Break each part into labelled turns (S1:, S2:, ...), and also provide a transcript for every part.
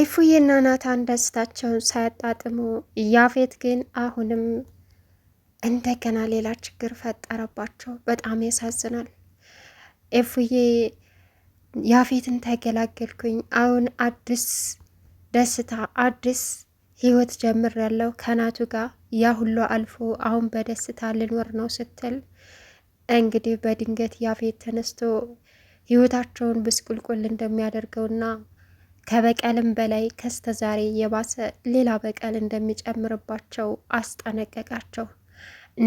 S1: እፉዬና ናታን ደስታቸውን ሳያጣጥሙ፣ ያፌት ግን አሁንም እንደገና ሌላ ችግር ፈጠረባቸው። በጣም ያሳዝናል። ኢፉዬ ያፌትን ተገላገልኩኝ፣ አሁን አዲስ ደስታ አዲስ ህይወት ጀምር ያለው ከናቱ ጋር ያ ሁሉ አልፎ አሁን በደስታ ልኖር ነው ስትል እንግዲህ በድንገት ያፌት ተነስቶ ህይወታቸውን ብስቁልቁል እንደሚያደርገውና ከበቀልም በላይ ከስተዛሬ የባሰ ሌላ በቀል እንደሚጨምርባቸው አስጠነቀቃቸው።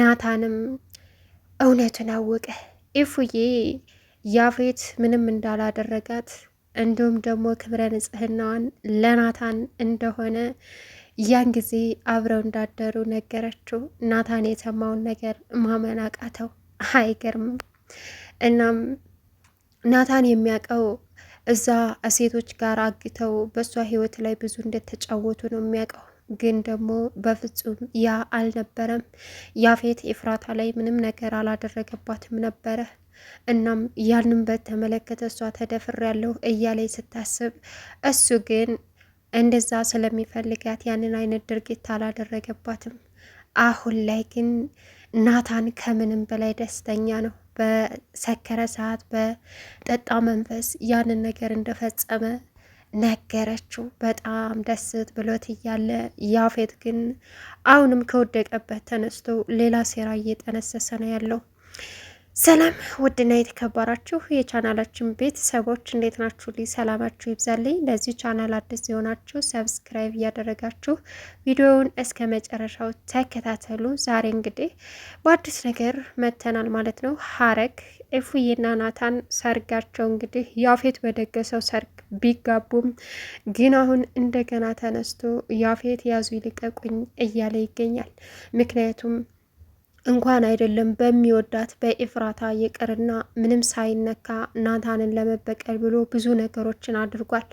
S1: ናታንም እውነቱን አወቀ። ኢፉዬ ያፌት ምንም እንዳላደረጋት እንዲሁም ደግሞ ክብረ ንጽህናዋን ለናታን እንደሆነ ያን ጊዜ አብረው እንዳደሩ ነገረችው። ናታን የሰማውን ነገር ማመን አቃተው። አይገርምም። እናም ናታን የሚያውቀው እዛ ሴቶች ጋር አግተው በእሷ ህይወት ላይ ብዙ እንደተጫወቱ ነው የሚያውቀው። ግን ደግሞ በፍጹም ያ አልነበረም። ያፌት ኤፍራታ ላይ ምንም ነገር አላደረገባትም ነበረ። እናም ያንን በተመለከተ እሷ ተደፍር ያለሁ እያለች ስታስብ፣ እሱ ግን እንደዛ ስለሚፈልጋት ያንን አይነት ድርጊት አላደረገባትም። አሁን ላይ ግን ናታን ከምንም በላይ ደስተኛ ነው። በሰከረ ሰዓት በጠጣ መንፈስ ያንን ነገር እንደፈጸመ ነገረችው። በጣም ደስት ብሎት እያለ ያፌት ግን አሁንም ከወደቀበት ተነስቶ ሌላ ሴራ እየጠነሰሰ ነው ያለው።
S2: ሰላም ውድና የተከበራችሁ የቻናላችን ቤተሰቦች እንዴት ናችሁ? ልይ ሰላማችሁ ይብዛልኝ። ለዚህ ቻናል አዲስ የሆናችሁ ሰብስክራይብ እያደረጋችሁ ቪዲዮውን እስከ መጨረሻው ተከታተሉ። ዛሬ እንግዲህ በአዲስ ነገር መተናል ማለት ነው። ሀረግ ኤፉዬና ናታን ሰርጋቸው እንግዲህ ያፌት በደገሰው ሰርግ ቢጋቡም ግን አሁን እንደገና ተነስቶ ያፌት ያዙ ይልቀቁኝ እያለ ይገኛል። ምክንያቱም እንኳን አይደለም በሚወዳት በኢፍራታ ይቅርና ምንም ሳይነካ ናታንን ለመበቀል ብሎ ብዙ ነገሮችን አድርጓል።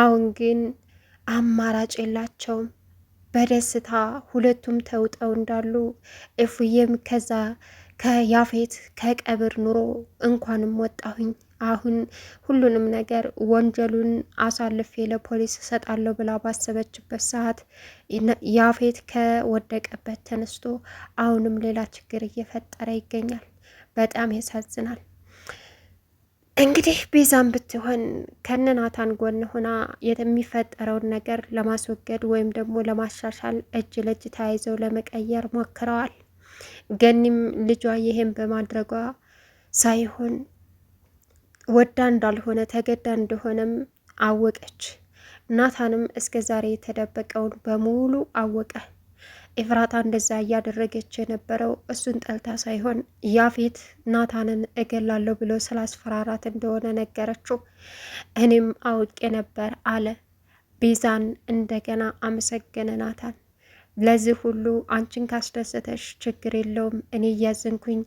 S2: አሁን ግን አማራጭ የላቸውም። በደስታ ሁለቱም ተውጠው እንዳሉ እፉዬም ከዛ ከያፌት ከቀብር ኑሮ እንኳንም ወጣሁኝ አሁን ሁሉንም ነገር ወንጀሉን አሳልፌ ለፖሊስ እሰጣለሁ ብላ ባሰበችበት ሰዓት ያፌት ከወደቀበት ተነስቶ አሁንም ሌላ ችግር እየፈጠረ ይገኛል። በጣም ያሳዝናል። እንግዲህ ቤዛም ብትሆን ከነናታን ጎን ሆና የሚፈጠረውን ነገር ለማስወገድ ወይም ደግሞ ለማሻሻል እጅ ለእጅ ተያይዘው ለመቀየር ሞክረዋል። ገኒም ልጇ ይሄን በማድረጓ ሳይሆን ወዳ እንዳልሆነ ተገዳ እንደሆነም አወቀች። ናታንም እስከ ዛሬ የተደበቀውን በሙሉ አወቀ። ኤፍራታ እንደዛ እያደረገች የነበረው እሱን ጠልታ ሳይሆን ያፌት ናታንን እገላለሁ ብሎ ስላስፈራራት እንደሆነ ነገረችው። እኔም አውቄ ነበር አለ ቤዛን እንደገና አመሰገነ ናታን። ለዚህ ሁሉ አንቺን ካስደሰተሽ ችግር የለውም እኔ እያዘንኩኝ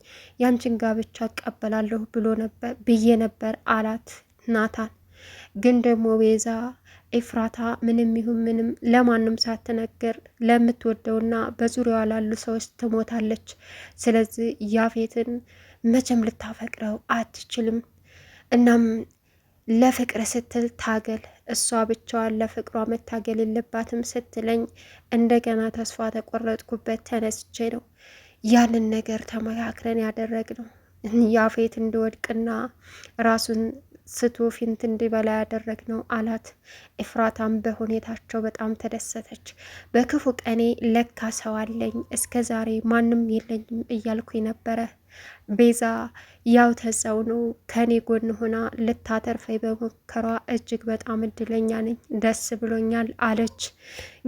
S2: ያንቺን ጋብቻ እቀበላለሁ ብሎ ነበር ብዬ ነበር አላት ናታን። ግን ደግሞ ቤዛ ኤፍራታ ምንም ይሁን ምንም ለማንም ሳትነግር ለምትወደውና በዙሪያዋ ላሉ ሰዎች ትሞታለች። ስለዚህ ያፌትን መቼም ልታፈቅረው አትችልም። እናም ለፍቅር ስትል ታገል፣ እሷ ብቻዋን ለፍቅሯ መታገል የለባትም ስትለኝ እንደገና ተስፋ ተቆረጥኩበት ተነስቼ ነው ያንን ነገር ተመካክረን ያደረግነው ያፌት እንዲወድቅና ራሱን ስቶ ፊንት እንዲበላ ነው አላት። እፍራታም በሁኔታቸው በጣም ተደሰተች። በክፉ ቀኔ ለካ ሰው አለኝ፣ እስከ ዛሬ ማንም የለኝም እያልኩኝ ነበረ ቤዛ ያው ተጸውኖ ከኔ ጎን ሆና ልታተርፈኝ በሞከሯ እጅግ በጣም እድለኛ ነኝ፣ ደስ ብሎኛል አለች።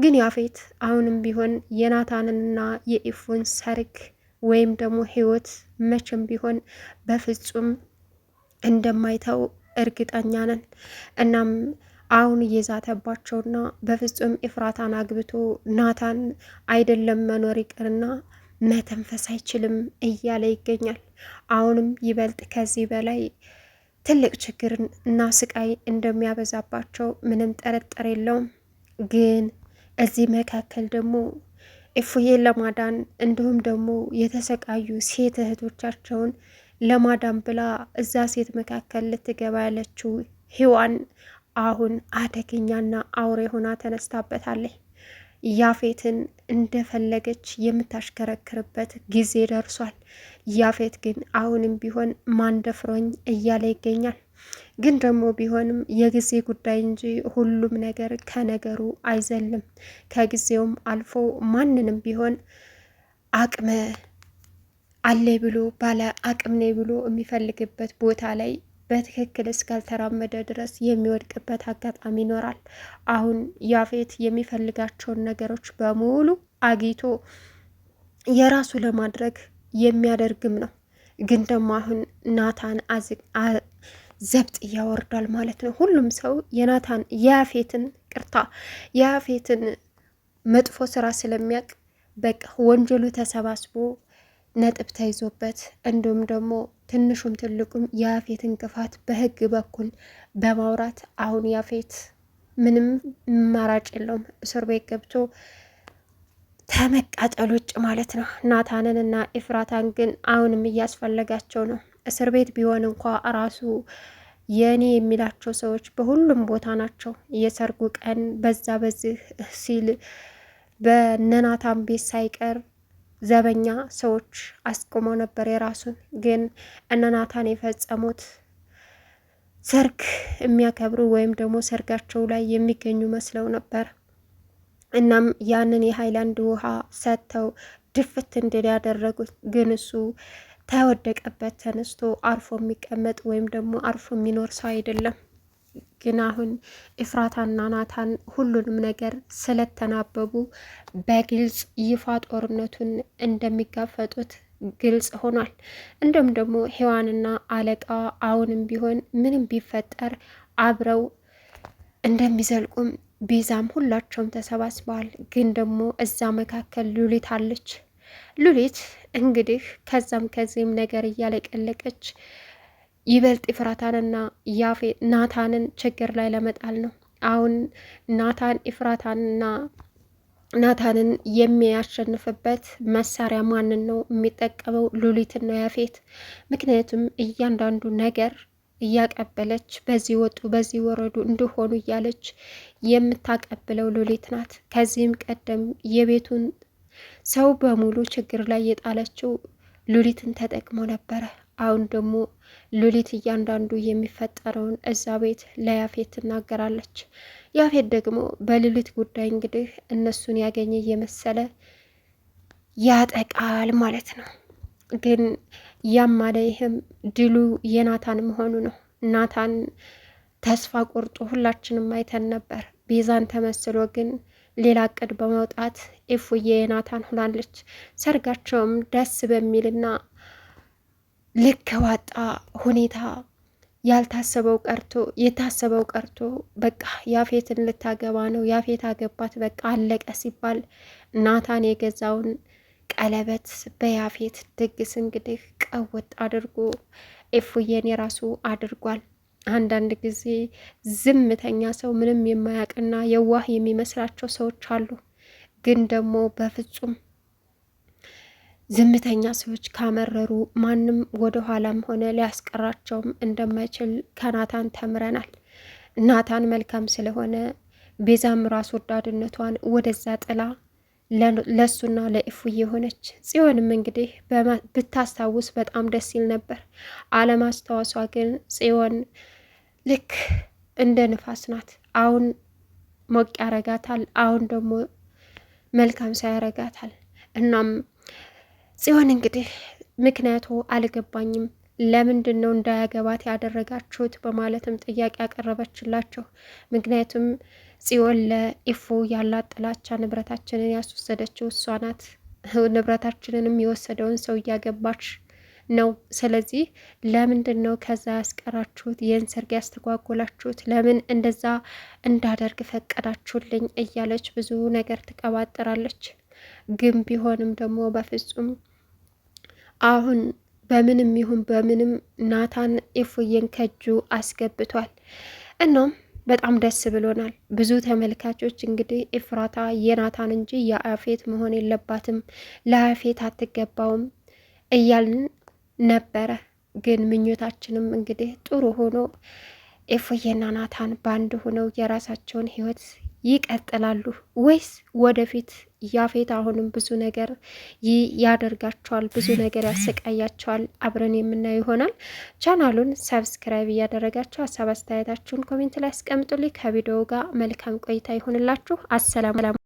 S2: ግን ያፌት አሁንም ቢሆን የናታንንና የኢፉን ሰርግ ወይም ደግሞ ህይወት መቼም ቢሆን በፍጹም እንደማይተው እርግጠኛ ነን። እናም አሁን እየዛተባቸውና በፍጹም ኢፍራታን አግብቶ ናታን አይደለም መኖር ይቅርና መተንፈስ አይችልም እያለ ይገኛል። አሁንም ይበልጥ ከዚህ በላይ ትልቅ ችግር እና ስቃይ እንደሚያበዛባቸው ምንም ጠረጠር የለውም። ግን እዚህ መካከል ደግሞ እፉዬን ለማዳን እንዲሁም ደግሞ የተሰቃዩ ሴት እህቶቻቸውን ለማዳን ብላ እዛ ሴት መካከል ልትገባ ያለችው ሂዋን አሁን አደገኛና አውሬ ሆና ተነስታበታለች። ያፌትን እንደፈለገች የምታሽከረክርበት ጊዜ ደርሷል። ያፌት ግን አሁንም ቢሆን ማንደፍሮኝ እያለ ይገኛል። ግን ደግሞ ቢሆንም የጊዜ ጉዳይ እንጂ ሁሉም ነገር ከነገሩ አይዘልም። ከጊዜውም አልፎ ማንንም ቢሆን አቅመ አለ ብሎ ባለ አቅም ብሎ የሚፈልግበት ቦታ ላይ በትክክል እስካልተራመደ ድረስ የሚወድቅበት አጋጣሚ ይኖራል። አሁን ያፌት የሚፈልጋቸውን ነገሮች በሙሉ አግኝቶ የራሱ ለማድረግ የሚያደርግም ነው። ግን ደግሞ አሁን ናታን ዘብጥ እያወርዳል ማለት ነው። ሁሉም ሰው የናታን የያፌትን ቅርታ የያፌትን መጥፎ ስራ ስለሚያውቅ በቃ ወንጀሉ ተሰባስቦ ነጥብ ተይዞበት እንዲሁም ደግሞ ትንሹም ትልቁም የአፌት እንቅፋት በህግ በኩል በማውራት አሁን ያፌት ምንም ማራጭ የለውም እስር ቤት ገብቶ ተመቃጠል ውጭ ማለት ነው። ናታንን እና ኤፍራታን ግን አሁንም እያስፈለጋቸው ነው። እስር ቤት ቢሆን እንኳ ራሱ የእኔ የሚላቸው ሰዎች በሁሉም ቦታ ናቸው። የሰርጉ ቀን በዛ በዚህ ሲል በነናታን ቤት ሳይቀር ዘበኛ ሰዎች አስቆመው ነበር የራሱን ግን እነ ናታን የፈጸሙት ሰርግ የሚያከብሩ ወይም ደግሞ ሰርጋቸው ላይ የሚገኙ መስለው ነበር። እናም ያንን የሀይላንድ ውሃ ሰጥተው ድፍት እንድል ያደረጉት ግን እሱ ተወደቀበት ተነስቶ አርፎ የሚቀመጥ ወይም ደግሞ አርፎ የሚኖር ሰው አይደለም። ግን አሁን ኢፍራታና ናታን ሁሉንም ነገር ስለተናበቡ በግልጽ ይፋ ጦርነቱን እንደሚጋፈጡት ግልጽ ሆኗል። እንዲሁም ደግሞ ሔዋንና አለቃ አሁንም ቢሆን ምንም ቢፈጠር አብረው እንደሚዘልቁም ቤዛም ሁላቸውም ተሰባስበዋል። ግን ደግሞ እዛ መካከል ሉሊት አለች። ሉሊት እንግዲህ ከዛም ከዚህም ነገር እያለቀለቀች ይበልጥ ኢፍራታንና ያፌ ናታንን ችግር ላይ ለመጣል ነው። አሁን ናታን ኢፍራታንና ናታንን የሚያሸንፍበት መሳሪያ ማንን ነው የሚጠቀመው? ሉሊትና ነው ያፌት። ምክንያቱም እያንዳንዱ ነገር እያቀበለች በዚህ ወጡ በዚህ ወረዱ እንዲሆኑ እያለች የምታቀብለው ሉሊት ናት። ከዚህም ቀደም የቤቱን ሰው በሙሉ ችግር ላይ የጣለችው ሉሊትን ተጠቅሞ ነበረ። አሁን ደግሞ ሉሊት እያንዳንዱ የሚፈጠረውን እዛ ቤት ለያፌት ትናገራለች። ያፌት ደግሞ በሉሊት ጉዳይ እንግዲህ እነሱን ያገኘ የመሰለ ያጠቃል ማለት ነው። ግን ያም ይህም ድሉ የናታን መሆኑ ነው። ናታን ተስፋ ቆርጦ ሁላችንም አይተን ነበር። ቤዛን ተመስሎ ግን ሌላ እቅድ በማውጣት ኢፉዬ የናታን ሁላለች። ሰርጋቸውም ደስ በሚልና ልክ ዋጣ ሁኔታ ያልታሰበው ቀርቶ የታሰበው ቀርቶ በቃ ያፌትን ልታገባ ነው፣ ያፌት አገባት፣ በቃ አለቀ ሲባል ናታን የገዛውን ቀለበት በያፌት ድግስ እንግዲህ ቀወጥ አድርጎ ኤፉዬን የራሱ አድርጓል። አንዳንድ ጊዜ ዝምተኛ ሰው ምንም የማያውቅና የዋህ የሚመስላቸው ሰዎች አሉ። ግን ደግሞ በፍጹም ዝምተኛ ሰዎች ካመረሩ ማንም ወደኋላም ሆነ ሊያስቀራቸውም እንደማይችል ከናታን ተምረናል። ናታን መልካም ስለሆነ ቤዛም ራስ ወዳድነቷን ወደዛ ጥላ ለሱና ለኢፉ የሆነች ጽዮንም እንግዲህ ብታስታውስ በጣም ደስ ይል ነበር። አለማስታወሷ ግን ጽዮን ልክ እንደ ንፋስ ናት። አሁን ሞቅ ያረጋታል፣ አሁን ደግሞ መልካም ሳያረጋታል። እናም ጽዮን እንግዲህ ምክንያቱ አልገባኝም፣ ለምንድን ነው እንዳያገባት ያደረጋችሁት በማለትም ጥያቄ ያቀረበችላቸው። ምክንያቱም ጽዮን ለኢፉ ያላት ጥላቻ ንብረታችንን ያስወሰደችው እሷ ናት፣ ንብረታችንንም የወሰደውን ሰው እያገባች ነው። ስለዚህ ለምንድን ነው ከዛ ያስቀራችሁት? ይህን ሰርግ ያስተጓጎላችሁት? ለምን እንደዛ እንዳደርግ ፈቀዳችሁልኝ? እያለች ብዙ ነገር ትቀባጥራለች። ግን ቢሆንም ደግሞ በፍጹም አሁን በምንም ይሁን በምንም ናታን ኢፉዬን ከእጁ አስገብቷል። እናም በጣም ደስ ብሎናል። ብዙ ተመልካቾች እንግዲህ ኢፍራታ የናታን እንጂ የአፌት መሆን የለባትም ለአፌት አትገባውም እያልን ነበረ። ግን ምኞታችንም እንግዲህ ጥሩ ሆኖ ኢፉዬና ናታን በአንድ ሆነው የራሳቸውን ህይወት ይቀጥላሉ ወይስ ወደፊት ያፌት አሁንም ብዙ ነገር ያደርጋቸዋል፣ ብዙ ነገር ያሰቃያቸዋል። አብረን የምናየው ይሆናል። ቻናሉን ሰብስክራይብ እያደረጋችሁ ሀሳብ አስተያየታችሁን ኮሜንት ላይ አስቀምጡልኝ። ከቪዲዮው ጋር መልካም ቆይታ ይሆንላችሁ። አሰላሙ